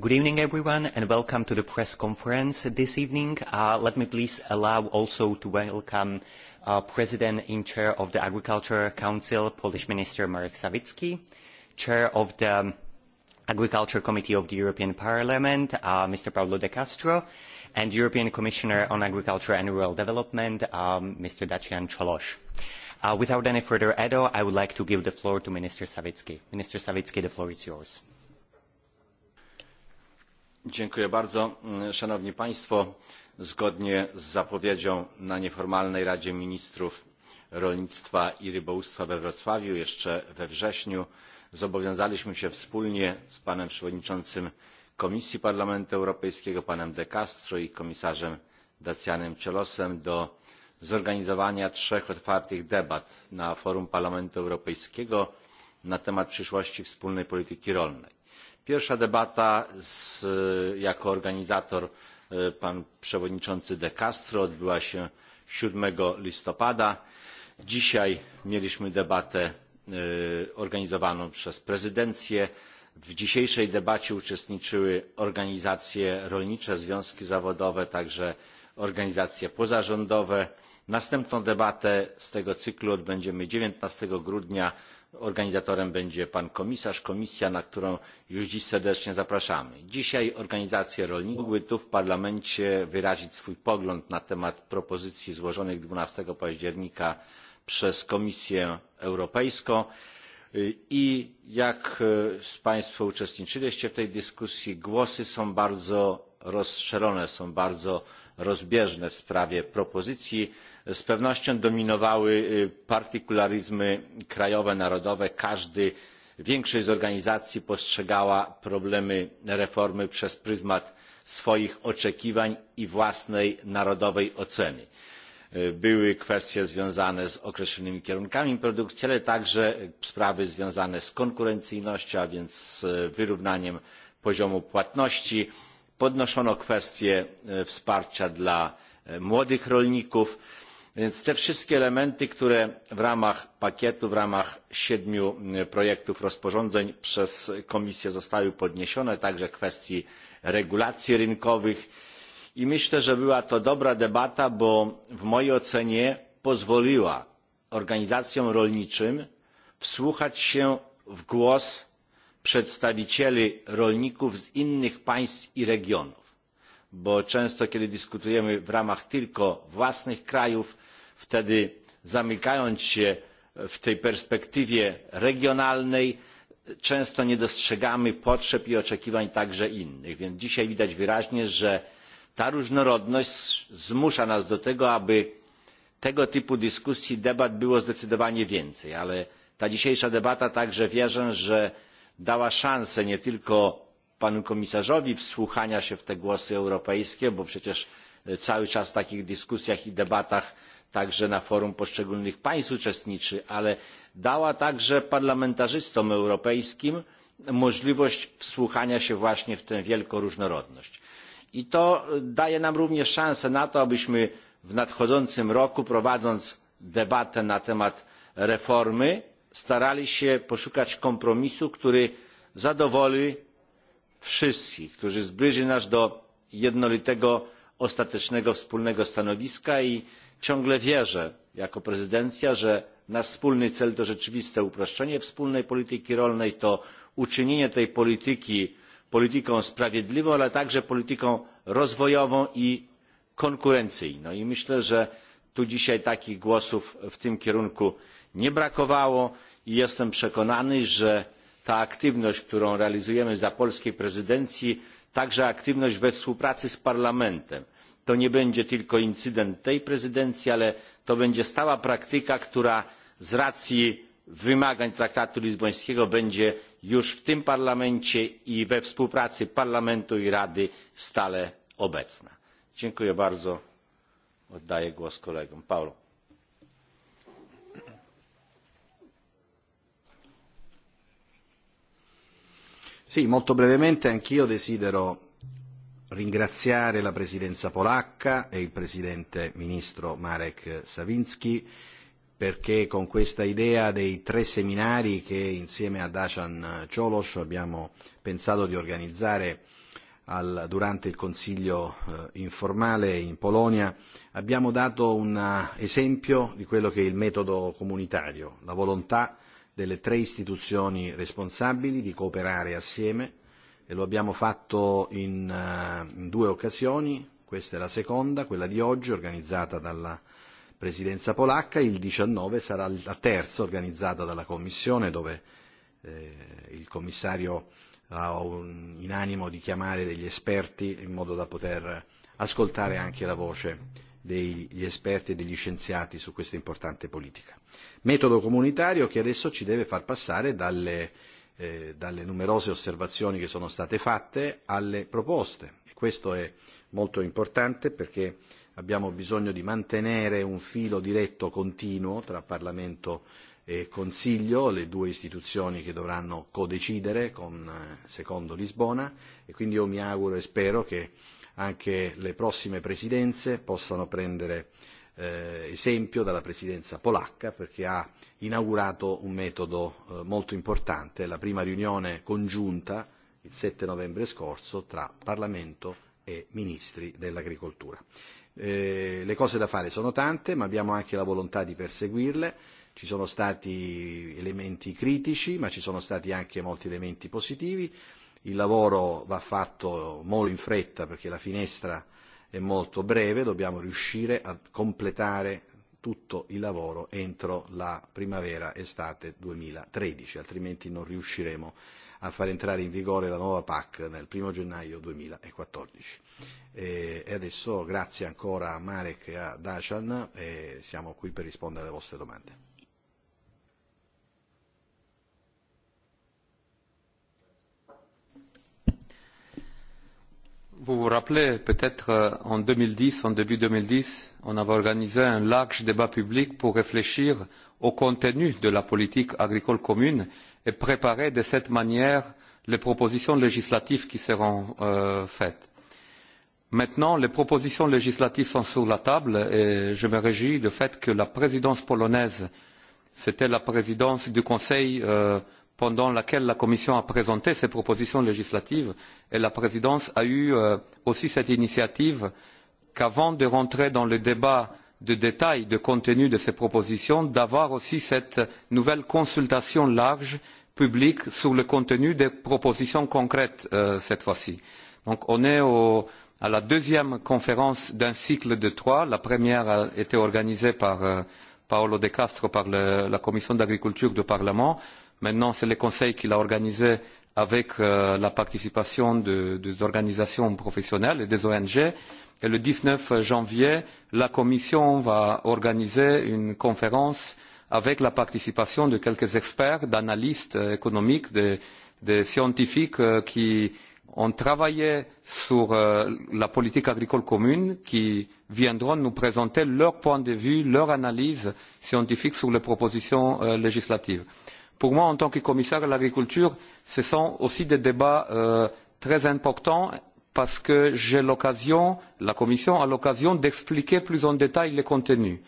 Good evening, everyone, and welcome to the press conference this evening. Uh, let me please allow also to welcome uh, President in Chair of the Agriculture Council, Polish Minister Marek Sawicki, Chair of the Agriculture Committee of the European Parliament, uh, Mr. Pablo de Castro, and European Commissioner on Agriculture and Rural Development, um, Mr. Dacian Czolosz. Uh, without any further ado, I would like to give the floor to Minister Savitsky. Minister Savitsky, the floor is yours zgodnie z zapowiedzią na nieformalnej radzie ministrów rolnictwa i rybołówstwa we wrocławiu jeszcze we wrześniu zobowiązaliśmy się wspólnie z panem przewodniczącym komisji parlamentu europejskiego panem de castro i komisarzem dacianem ciolosem do zorganizowania trzech otwartych debat na forum parlamentu europejskiego na temat przyszłości wspólnej polityki rolnej pierwsza debata z, e, jako organizator e, pan przewodniczący de castro odbyła się siedem listopada. dzisiaj mieliśmy debatę e, organizowaną przez prezydencję. w dzisiejszej debacie uczestniczyły organizacje rolnicze związki zawodowe także organizacje pozarządowe. następną debatę z tego cyklu odbędziemy dziewiętnaście grudnia organizatorem będzie pan komisarz komisja na którą już dziś serdecznie zapraszamy. dzisiaj organizacje rolników mogły tu w parlamencie wyrazić swój pogląd na temat propozycji złożonych dwanaście października przez komisję europejską i jak państwo uczestniczyliście w tej dyskusji głosy są bardzo rozszerzone są bardzo rozbieżne w sprawie propozycji z pewnością dominowały partykularyzmy krajowe narodowe każdy większość organizacji postrzegała problemy reformy przez pryzmat swoich oczekiwań i własnej narodowej oceny. były kwestie związane z określonymi kierunkami produkcji ale także sprawy związane z konkurencyjnością a więc z wyrównaniem poziomu płatności czy podnoszono kwestię e, wsparcia dla e, młodych rolników więc te wszystkie elementy które w ramach pakietu w ramach siedmiu e, projektów rozporządzeń przez komisję zostały podniesione także kwestii regulacji rynkowych i myślę że była to dobra debata bo w mojej ocenie pozwoliła organizacjom rolniczym wsłuchać się w głos przedstawicieli rolników z innych państw i regionów bo często kiedy dyskutujemy w ramach tylko własnych krajów wtedy zamykając się w tej perspektywie regionalnej często nie dostrzegamy potrzeb i oczekiwań także innych więc dzisiaj widać wyraźnie że ta różnorodność zmusza nas do tego aby tego typu dyskusji debat było zdecydowanie więcej ale ta dzisiejsza debata także wierzę że dała szansę nie tylko panu komisarzowi wsłuchania się w te głosy europejskie bo przecież e, cały czas w takich dyskusjach i debatach także na forum poszczególnych państw uczestniczy ale dała także parlamentarzystom europejskim możliwość wsłuchania się właśnie w tę wielką różnorodność. I to e, daje nam również szansę na to, abyśmy w nadchodzącym roku, prowadząc debatę na temat reformy, starali się poszukać kompromisu który zadowoli wszystkich który zbliży nas do jednolitego ostatecznego wspólnego stanowiska i ciągle wierzę jako prezydencja że nasz wspólny cel to rzeczywiste uproszczenie wspólnej polityki rolnej to uczynienie tej polityki polityką sprawiedliwą ale także polityką rozwojową i konkurencyjną i myślę że tu dzisiaj takich głosów w tym kierunku nie brakowało i jestem przekonany że ta aktywność którą realizujemy za polskiej prezydencji także aktywność we współpracy z parlamentem to nie będzie tylko incydent tej prezydencji ale to będzie stała praktyka która z racji wymagań traktatu lizbońskiego będzie już w tym parlamencie i we współpracy parlamentu i rady stale obecna. dziękuję bardzo oddaję głos kolegom. paolo. sì molto brevemente anch'io desidero ringraziare la presidenza polacca e il presidente ministro Marek Sawinski perché con questa idea dei tre seminari che insieme a Dacian Ciolos abbiamo pensato di organizzare al, durante il Consiglio eh, informale in Polonia, abbiamo dato un eh, esempio di quello che è il metodo comunitario, la volontà delle tre istituzioni responsabili di cooperare assieme e lo abbiamo fatto in, uh, in due occasioni, questa è la seconda, quella di oggi organizzata dalla Presidenza polacca, il 19 sarà la terza organizzata dalla Commissione dove eh, il Commissario ho in animo di chiamare degli esperti in modo da poter ascoltare anche la voce degli esperti e degli scienziati su questa importante politica. Metodo comunitario che adesso ci deve far passare dalle, eh, dalle numerose osservazioni che sono state fatte alle proposte. E questo è molto importante perché abbiamo bisogno di mantenere un filo diretto continuo tra Parlamento e e Consiglio, le due istituzioni che dovranno codecidere con eh, secondo Lisbona e quindi io mi auguro e spero che anche le prossime presidenze possano prendere eh, esempio dalla presidenza polacca perché ha inaugurato un metodo eh, molto importante, la prima riunione congiunta il 7 novembre scorso tra Parlamento e Ministri dell'Agricoltura. Eh, le cose da fare sono tante ma abbiamo anche la volontà di perseguirle ci sono stati elementi critici, ma ci sono stati anche molti elementi positivi. Il lavoro va fatto molto in fretta perché la finestra è molto breve, dobbiamo riuscire a completare tutto il lavoro entro la primavera estate 2013, altrimenti non riusciremo a far entrare in vigore la nuova PAC nel 1 gennaio 2014. E, e adesso grazie ancora a Marek e a Dacian e siamo qui per rispondere alle vostre domande. vous vous rappelez peut être euh, en deux mille dix en début deux mille dix on avait organisé un large débat public pour réfléchir au contenu de la politique agricole commune et préparer de cette manière les propositions législatives qui seront euh, faites. maintenant les propositions législatives sont sur la table et je me réjouis du fait que la présidence polonaise c'était la présidence du conseil euh, pendant laquelle la commission a présenté ses propositions législatives et la présidence a eu euh, aussi cette initiative qu'avant d'entrer dans le débat de détail du contenu de ces propositions d'avoir aussi cette nouvelle consultation large publique sur le contenu des propositions concrètes euh, cette fois ci. donc on est à la deuxième conférence d'un cycle de trois la première a été organisée par euh, paolo de castro par la commission de l'agriculture du parlement Maintenant, c'est le conseil qui l'a organisé avec euh, la participation de, des organisations professionnelles et des ONG. Et le 19 janvier, la Commission va organiser une conférence avec la participation de quelques experts, d'analystes euh, économiques, de, de scientifiques euh, qui ont travaillé sur euh, la politique agricole commune, qui viendront nous présenter leur point de vue, leur analyse scientifique sur les propositions euh, législatives pour moi en tant que commissaire à l'agriculture ce sont aussi des débats euh, très importants parce que j'ai l'occasion la commission a l'occasion d'expliquer plus en détail le contenu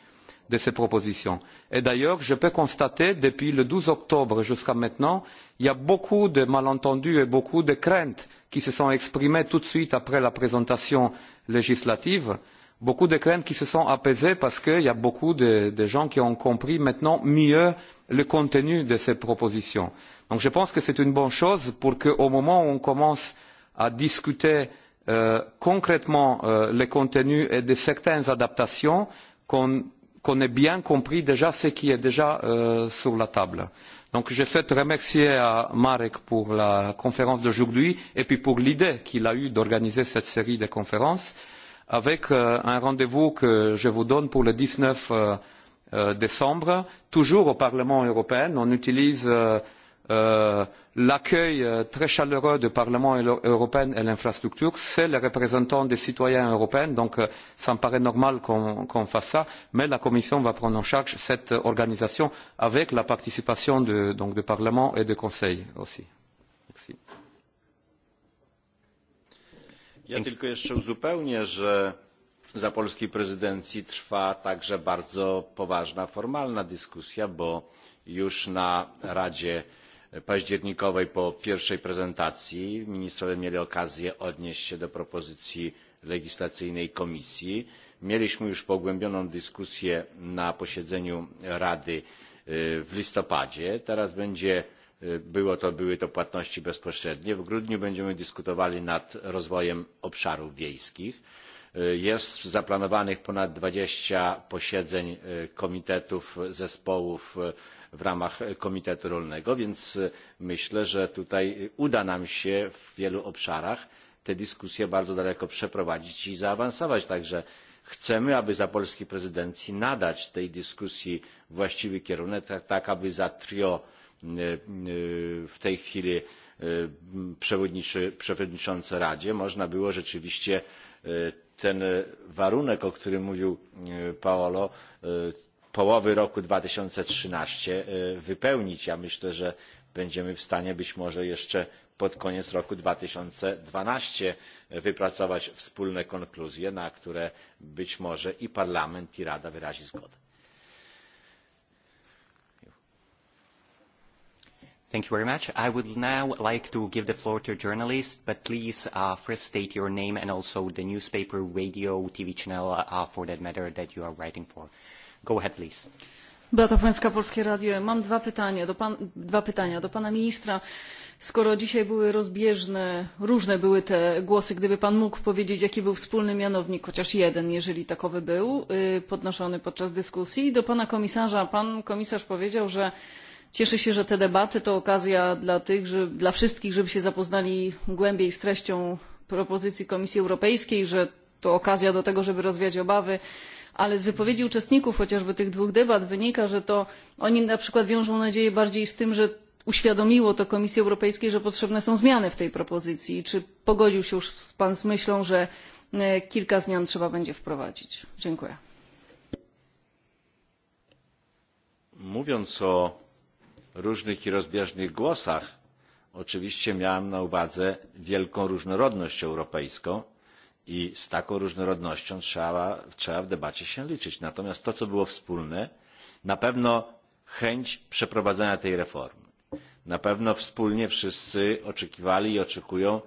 de ces propositions. d'ailleurs je peux constater depuis le douze octobre jusqu'à maintenant qu'il y a beaucoup de malentendus et beaucoup de craintes qui se sont exprimées tout de suite après la présentation législative beaucoup de craintes qui se sont apaisées parce qu'il y a beaucoup de gens qui ont compris maintenant mieux le contenu de ces propositions. Donc je pense que c'est une bonne chose pour qu'au moment où on commence à discuter euh, concrètement euh, les contenus et de certaines adaptations, qu'on qu'on ait bien compris déjà ce qui est déjà euh, sur la table. Donc je souhaite remercier à Marek pour la conférence d'aujourd'hui et puis pour l'idée qu'il a eue d'organiser cette série de conférences avec euh, un rendez-vous que je vous donne pour le 19 euh, euh, décembre, toujours au Parlement européen, on utilise euh, euh, l'accueil euh, très chaleureux du Parlement européen et l'infrastructure, c'est le représentant des citoyens européens, donc euh, ça me paraît normal qu'on qu fasse ça, mais la Commission va prendre en charge cette organisation avec la participation de, donc, du Parlement et du Conseil aussi. Merci. Ja tylko jeszcze uzupełnię, że za polskiej prezydencji trwa także bardzo poważna formalna dyskusja bo już na radzie październikowej po pierwszej prezentacji ministrowie mieli okazję odnieść się do propozycji legislacyjnej komisji mieliśmy już pogłębioną dyskusję na posiedzeniu rady w listopadzie teraz będzie było to były to płatności bezpośrednie w grudniu będziemy dyskutowali nad rozwojem obszarów wiejskich. E, jest zaplanowanych ponad dwadzieścia posiedzeń e, komitetów zespołów e, w ramach komitetu rolnego więc myślę że tutaj uda nam się w wielu obszarach te dyskusje bardzo daleko przeprowadzić i zaawansować także chcemy aby za polskiej prezydencji nadać tej dyskusji właściwy kierunek tak aby za trio w tej chwili przewodniczące radzie można było rzeczywiście ten e, warunek o którym mówił e, paolo e, połowy roku dwa tysiące trzynaście wypełnić. ja myślę że będziemy w stanie być może jeszcze pod koniec roku dwa tysiące dwanaście wypracować wspólne konkluzje na które być może i parlament i rada wyrazi zgodę. Thank you very much. I would now like to give the floor to a journalist, but please uh, first state your name and also the newspaper, radio, TV channel, uh, for that matter, that you are writing for. Go ahead, please. Beata Płęska, Polskie Radio. Mam dwa, pytanie do pan, dwa pytania do pana ministra. Skoro dzisiaj były rozbieżne, różne były te głosy, gdyby pan mógł powiedzieć, jaki był wspólny mianownik, chociaż jeden, jeżeli takowy był, podnoszony podczas dyskusji. Do pana komisarza. Pan komisarz powiedział, że Cieszę się, że te debaty to okazja dla, tych, że, dla wszystkich, żeby się zapoznali głębiej z treścią propozycji Komisji Europejskiej, że to okazja do tego, żeby rozwiać obawy. Ale z wypowiedzi uczestników chociażby tych dwóch debat wynika, że to oni na przykład wiążą nadzieję bardziej z tym, że uświadomiło to Komisji Europejskiej, że potrzebne są zmiany w tej propozycji. Czy pogodził się już Pan z myślą, że e, kilka zmian trzeba będzie wprowadzić? Dziękuję. Mówiąc o różnych i rozbieżnych głosach oczywiście miałem na uwadze wielką różnorodność europejską i z taką różnorodnością trzeba w debacie się liczyć. natomiast to co było wspólne na pewno chęć przeprowadzenia tej reformy na pewno wspólnie wszyscy oczekiwali i oczekują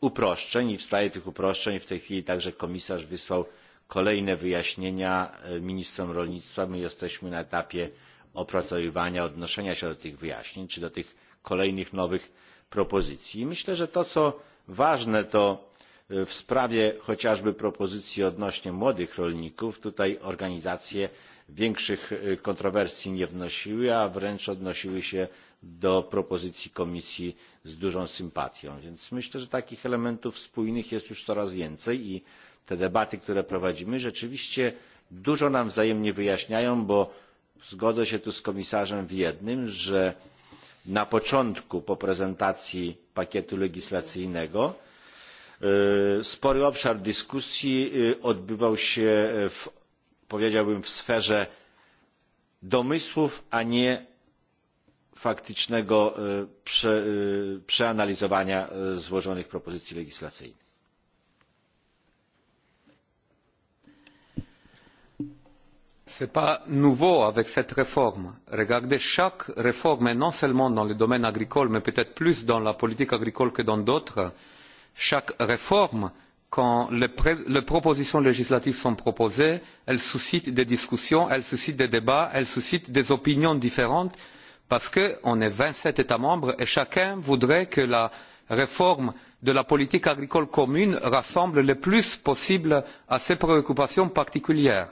uproszczeń i w sprawie tych uproszczeń w tej chwili także komisarz wysłał kolejne wyjaśnienia e, ministrom rolnictwa. my jesteśmy na etapie opracowywania odnoszenia się do tych wyjaśnień czy do tych kolejnych nowych propozycji. myślę że to co ważne to w sprawie chociażby propozycji odnośnie do młodych rolników tutaj organizacje większych kontrowersji nie wnosiły a wręcz odnosiły się do propozycji komisji z dużą sympatią. więc myślę że takich elementów spójnych jest już coraz więcej i te debaty które prowadzimy rzeczywiście dużo nam wzajemnie wyjaśniają bo zgodzę się tu z komisarzem w jednym że na początku po prezentacji pakietu legislacyjnego spory obszar dyskusji odbywał się w, powiedziałbym w sferze domysłów a nie faktycznego prze, przeanalizowania złożonych propozycji legislacyjnych. ce n'est pas nouveau avec cette réforme. regardez chaque réforme et non seulement dans le domaine agricole mais peut être plus dans la politique agricole que dans d'autres chaque réforme quand les propositions législatives sont proposées elle suscite des discussions elle suscite des débats elle suscite des opinions différentes parce qu'on est vingt sept états membres et chacun voudrait que la réforme de la politique agricole commune rassemble le plus possible à ses préoccupations particulières.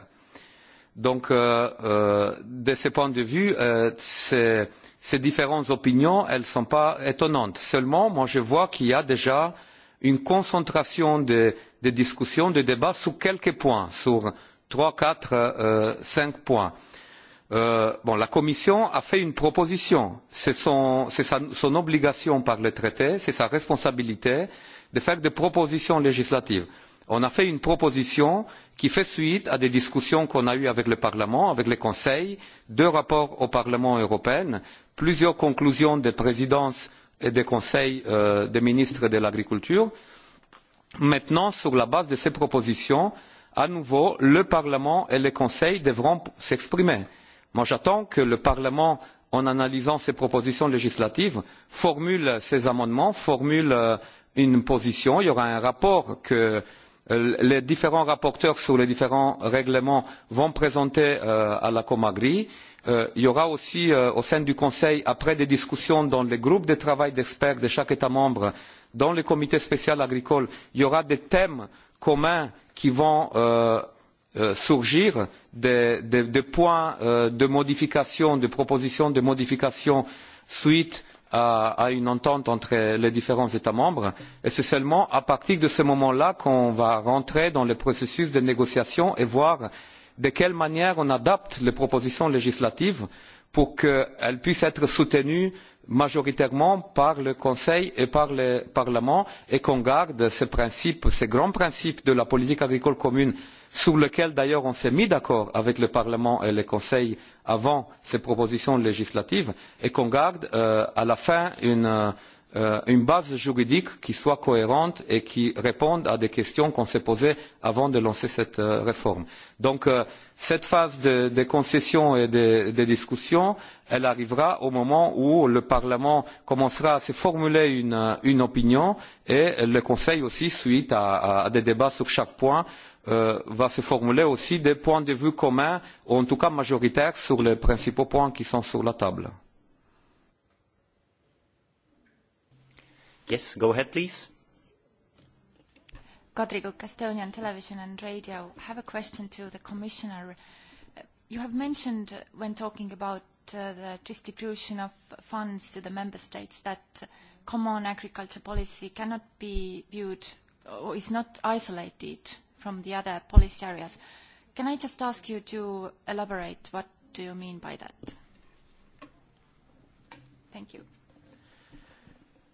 Donc, euh, euh, de ce point de vue, euh, ces, ces différentes opinions, elles ne sont pas étonnantes. Seulement, moi, je vois qu'il y a déjà une concentration de, de discussions, de débats sur quelques points, sur trois, quatre, euh, cinq points. Euh, bon, la Commission a fait une proposition. C'est son, c'est sa, son obligation par le traité, c'est sa responsabilité de faire des propositions législatives on a fait une proposition qui fait suite à des discussions qu'on a eues avec le Parlement, avec le Conseil, deux rapports au Parlement européen, plusieurs conclusions des présidences et des conseils euh, des ministres de l'agriculture. Maintenant, sur la base de ces propositions, à nouveau, le Parlement et le Conseil devront s'exprimer. Moi, j'attends que le Parlement, en analysant ces propositions législatives, formule ses amendements, formule euh, une position. Il y aura un rapport que euh, les différents rapporteurs sur les différents règlements vont présenter euh, à la comagri. Euh, il y aura aussi euh, au sein du conseil après des discussions dans les groupes de travail d'experts de chaque état membre dans le comité spécial agricole des thèmes communs qui vont surgir des des points de modification des propositions de modification suite à, à une entente entre les différents États membres. Et c'est seulement à partir de ce moment-là qu'on va rentrer dans le processus de négociation et voir de quelle manière on adapte les propositions législatives pour qu'elles puissent être soutenues euh, majoritairement par le conseil et par le parlement et qu'on garde ces principes ces grands principes de la politique agricole commune sur lesquels d'ailleurs on s'est mis d'accord avec le parlement et le conseil avant ces propositions législatives et qu'on garde euh, à la fin une euh, euh, une base juridique qui soit cohérente et qui réponde à des questions qu'on s'est posées avant de lancer cette euh, réforme. Donc euh, cette phase de, de concession et de, de discussion, elle arrivera au moment où le Parlement commencera à se formuler une, une opinion et le Conseil aussi, suite à, à, à des débats sur chaque point, euh, va se formuler aussi des points de vue communs, ou en tout cas majoritaires, sur les principaux points qui sont sur la table. Yes, go ahead, please. Rodrigo Castonian, Television and Radio. I have a question to the Commissioner. You have mentioned uh, when talking about uh, the distribution of funds to the Member States that uh, common agriculture policy cannot be viewed or is not isolated from the other policy areas. Can I just ask you to elaborate what do you mean by that? Thank you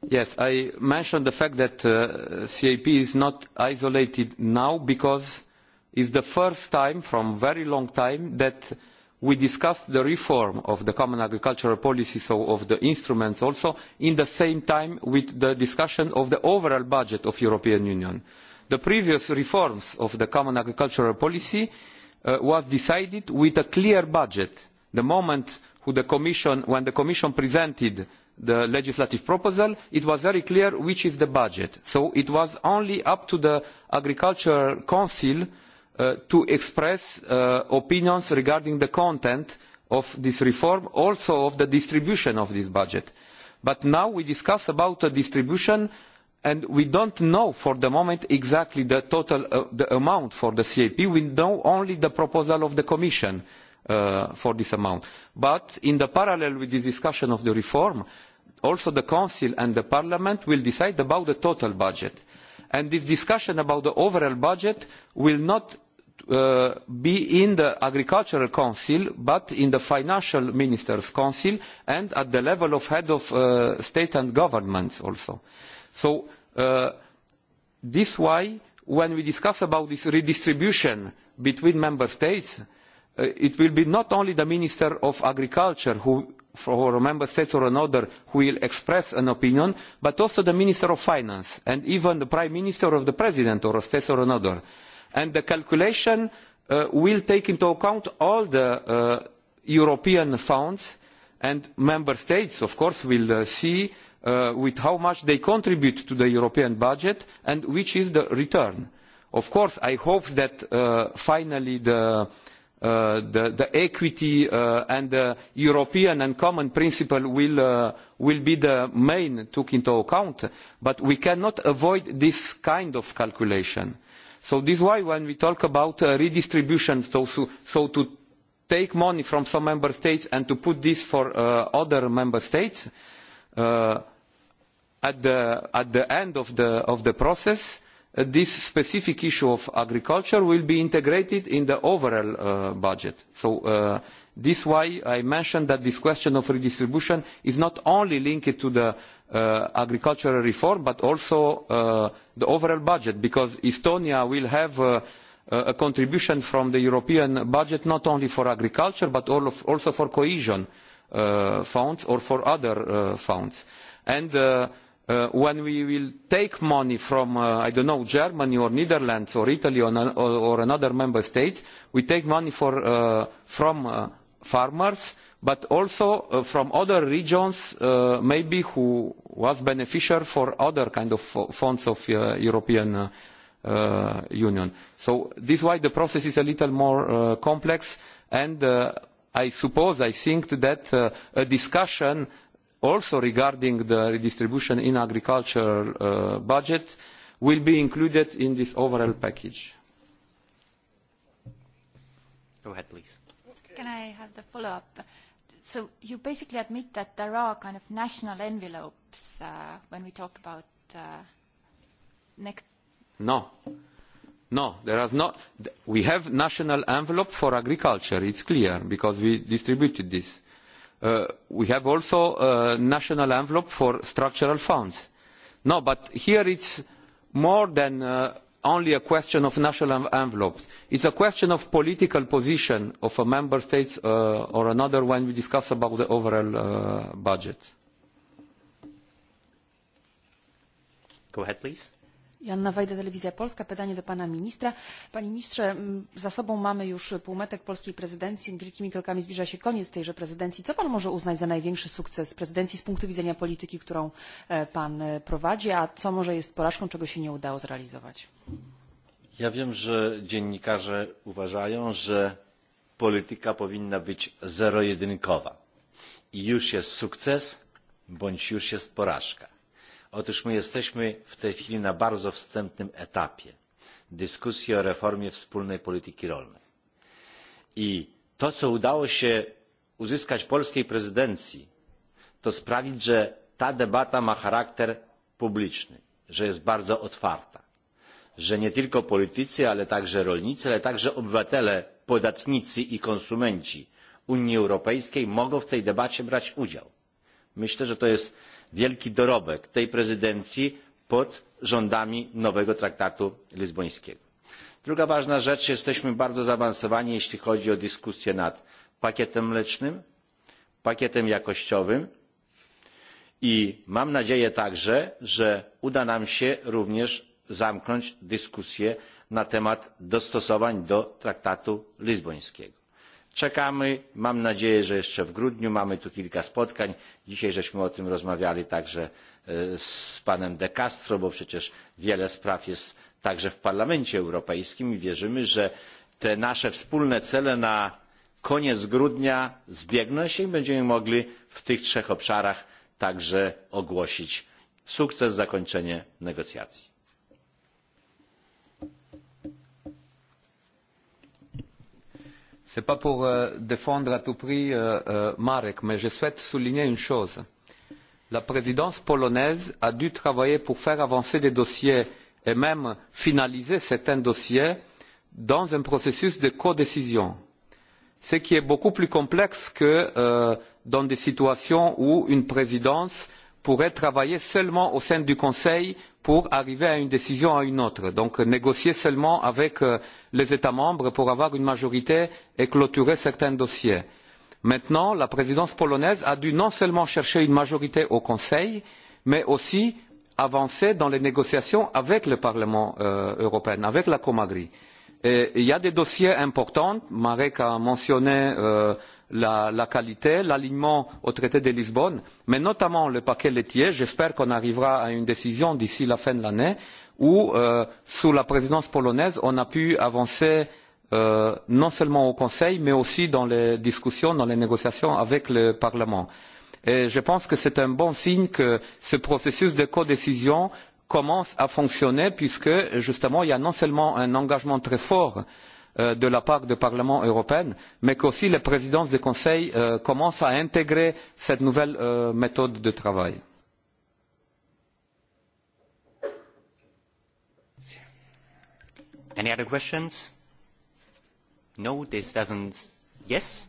yes i mentioned the fact that the uh, cap is not isolated now because it is the first time for a very long time that we discussed the reform of the common agricultural policy so of the instruments also in the same time with the discussion of the overall budget of the european union. the previous reforms of the common agricultural policy uh, was decided with a clear budget the moment when the commission presented the legislative proposal it was very clear which is the budget so it was only up to the agricultural council uh, to express uh, opinions regarding the content of this reform also of the distribution of this budget but now we discuss about the distribution and we don't know for the moment exactly the total uh, the amount for the cap we know only the proposal of the commission uh, for this amount but in the parallel with the discussion of the reform uh, also the council and the parliament will decide about the total budget and this discussion about the overall budget will not uh, be in the agricultural council but in the financial ministers council and at the level of head of uh, state and governments also so uh, this why when we discuss about this redistribution between member states uh, it will be not only the minister of agriculture who for a member state or another who will express an opinion, but also the Minister of Finance and even the Prime Minister of the President or a state or another. And the calculation uh, will take into account all the uh, European funds and member states, of course, will uh, see uh, with how much they contribute to the European budget and which is the return. Of course, I hope that uh, finally the uh, uh, the, the equity uh, and the European and common principle will, uh, will be the main took into account, but we cannot avoid this kind of calculation. So this is why when we talk about uh, redistribution, so, so to take money from some member states and to put this for uh, other member states, uh, at, the, at the end of the, of the process, uh, this specific issue of agriculture will be integrated in the overall uh, budget. So, uh, this is why I mentioned that this question of redistribution is not only linked to the uh, agricultural reform, but also uh, the overall budget, because Estonia will have uh, a contribution from the European budget not only for agriculture, but all of, also for cohesion uh, funds or for other uh, funds. And, uh, Uh, when we take money from uh, i do not know germany or netherlands or italy or another member state we take money uh, from farmers but also from other regions maybe who were beneficiaries of other kinds of funds of the european union. so this is why the process is a little more complex and i suppose i think that a discussion also regarding the redistribution in agricultural uh, budget will be included in this overall package. Go ahead, please. Can I have the follow-up? So you basically admit that there are kind of national envelopes uh, when we talk about uh, next... No. No, there is not. We have national envelope for agriculture, it's clear, because we distributed this. Uh, we have also a uh, national envelope for structural funds. No, but here it's more than uh, only a question of national envelopes. It's a question of political position of a member state uh, or another when we discuss about the overall uh, budget. Go ahead, please. Janna Wajda, Telewizja Polska. Pytanie do pana ministra. Panie ministrze, za sobą mamy już półmetek polskiej prezydencji. Wielkimi krokami zbliża się koniec tejże prezydencji. Co pan może uznać za największy sukces prezydencji z punktu widzenia polityki, którą e, pan e, prowadzi, a co może jest porażką, czego się nie udało zrealizować? Ja wiem, że dziennikarze uważają, że polityka powinna być zero-jedynkowa. I już jest sukces, bądź już jest porażka. Otóż my jesteśmy w tej chwili na bardzo wstępnym etapie dyskusji o reformie wspólnej polityki rolnej. I to, co udało się uzyskać polskiej prezydencji, to sprawić, że ta debata ma charakter publiczny, że jest bardzo otwarta, że nie tylko politycy, ale także rolnicy, ale także obywatele, podatnicy i konsumenci Unii Europejskiej mogą w tej debacie brać udział myślę że to jest wielki dorobek tej prezydencji pod rządami nowego traktatu lizbońskiego. druga ważna rzecz jesteśmy bardzo zaawansowani jeśli chodzi o dyskusję nad pakietem mlecznym pakietem jakościowym i mam nadzieję także że uda nam się również zamknąć dyskusję na temat dostosowań do traktatu lizbońskiego czekamy mam nadzieję że jeszcze w grudniu mamy tu kilka spotkań dzisiaj o tym rozmawialiśmy także e, z panem de castro bo przecież wiele spraw jest także w parlamencie europejskim i wierzymy że te nasze wspólne cele na koniec grudnia zbiegną się i będziemy mogli w tych trzech obszarach także ogłosić sukces zakończenie negocjacji. Ce n'est pas pour euh, défendre à tout prix euh, euh, Marek, mais je souhaite souligner une chose. La présidence polonaise a dû travailler pour faire avancer des dossiers et même finaliser certains dossiers dans un processus de codécision, ce qui est beaucoup plus complexe que euh, dans des situations où une présidence euh, pourrait travailler seulement au sein du conseil pour arriver à une décision ou à une autre donc négocier seulement avec euh, les états membres pour avoir une majorité et clôturer certains dossiers. maintenant la présidence polonaise a dû non seulement chercher une majorité au conseil mais aussi avancer dans les négociations avec le parlement euh, européen avec la comagri. il y a des dossiers importants marek a mentionné euh, la qualité l'alignement au traité de lisbonne mais notamment le paquet laitier j'espère qu'on arrivera à une décision d'ici la fin de l'année où euh, sous la présidence polonaise on a pu avancer euh, non seulement au conseil mais aussi dans les discussions dans les négociations avec le parlement. et je pense que c'est un bon signe que ce processus de codécision commence à fonctionner puisque justement il y a non seulement un engagement très fort Euh, de la part du parlement européen mais aussi que les présidences du conseil euh, commencent à intégrer cette nouvelle euh, méthode de travail. any other questions? no this doesn't yes?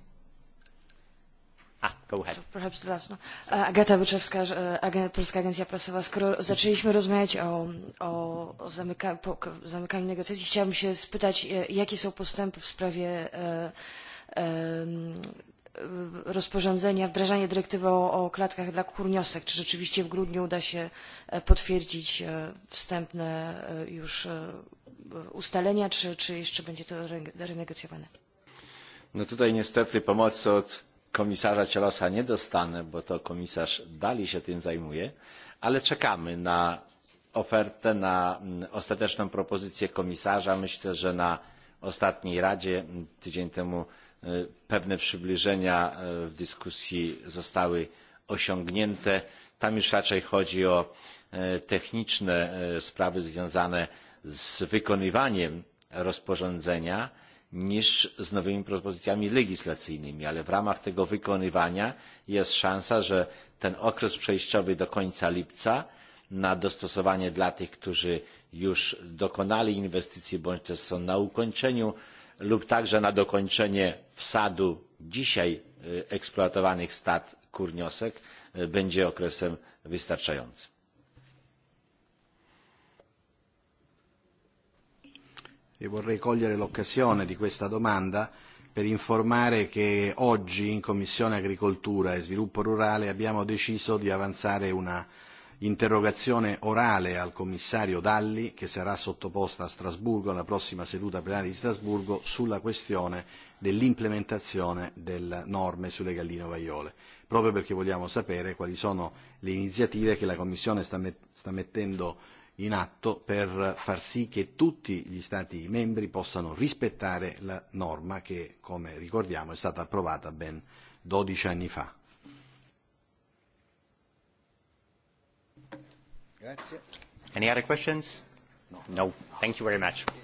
Ah, go ahead. So perhaps the last one. No. Uh, Agata Wyczewska, uh, eh, agen Polska Agencja Prasowa. Skoro zaczęliśmy rozmawiać o, o zamyka po zamykaniu negocjacji, chciałabym się spytać, e, jakie są postępy w sprawie e, e, rozporządzenia, wdrażania dyrektywy o, o klatkach dla kurniosek? Czy rzeczywiście w grudniu uda się e, potwierdzić e, wstępne już ustalenia, czy, czy jeszcze będzie to renegocjowane? No tutaj niestety pomocy od komisarza Ciolosa nie dostanę, bo to komisarz Dali się tym zajmuje, ale czekamy na ofertę, na mm, ostateczną propozycję komisarza. Myślę, że na ostatniej Radzie mm, tydzień temu pewne przybliżenia w dyskusji zostały osiągnięte. Tam już raczej chodzi o techniczne sprawy związane z wykonywaniem rozporządzenia niż z nowymi propozycjami legislacyjnymi ale w ramach tego wykonywania jest szansa że ten okres przejściowy do końca lipca na dostosowanie dla tych którzy już dokonali inwestycji bądź też są na ukończeniu lub także na dokończenie wsadu dzisiaj eksploatowanych stad kurniosek będzie okresem wystarczającym. e vorrei cogliere l'occasione di questa domanda per informare che oggi in Commissione Agricoltura e Sviluppo Rurale abbiamo deciso di avanzare una interrogazione orale al commissario Dalli che sarà sottoposta a Strasburgo alla prossima seduta plenaria di Strasburgo sulla questione dell'implementazione delle norme sulle galline ovaiole proprio perché vogliamo sapere quali sono le iniziative che la Commissione sta, met- sta mettendo in atto per far sì che tutti gli Stati membri possano rispettare la norma che, come ricordiamo, è stata approvata ben 12 anni fa. Grazie. Any other questions? No. no. Thank you very much. Yeah.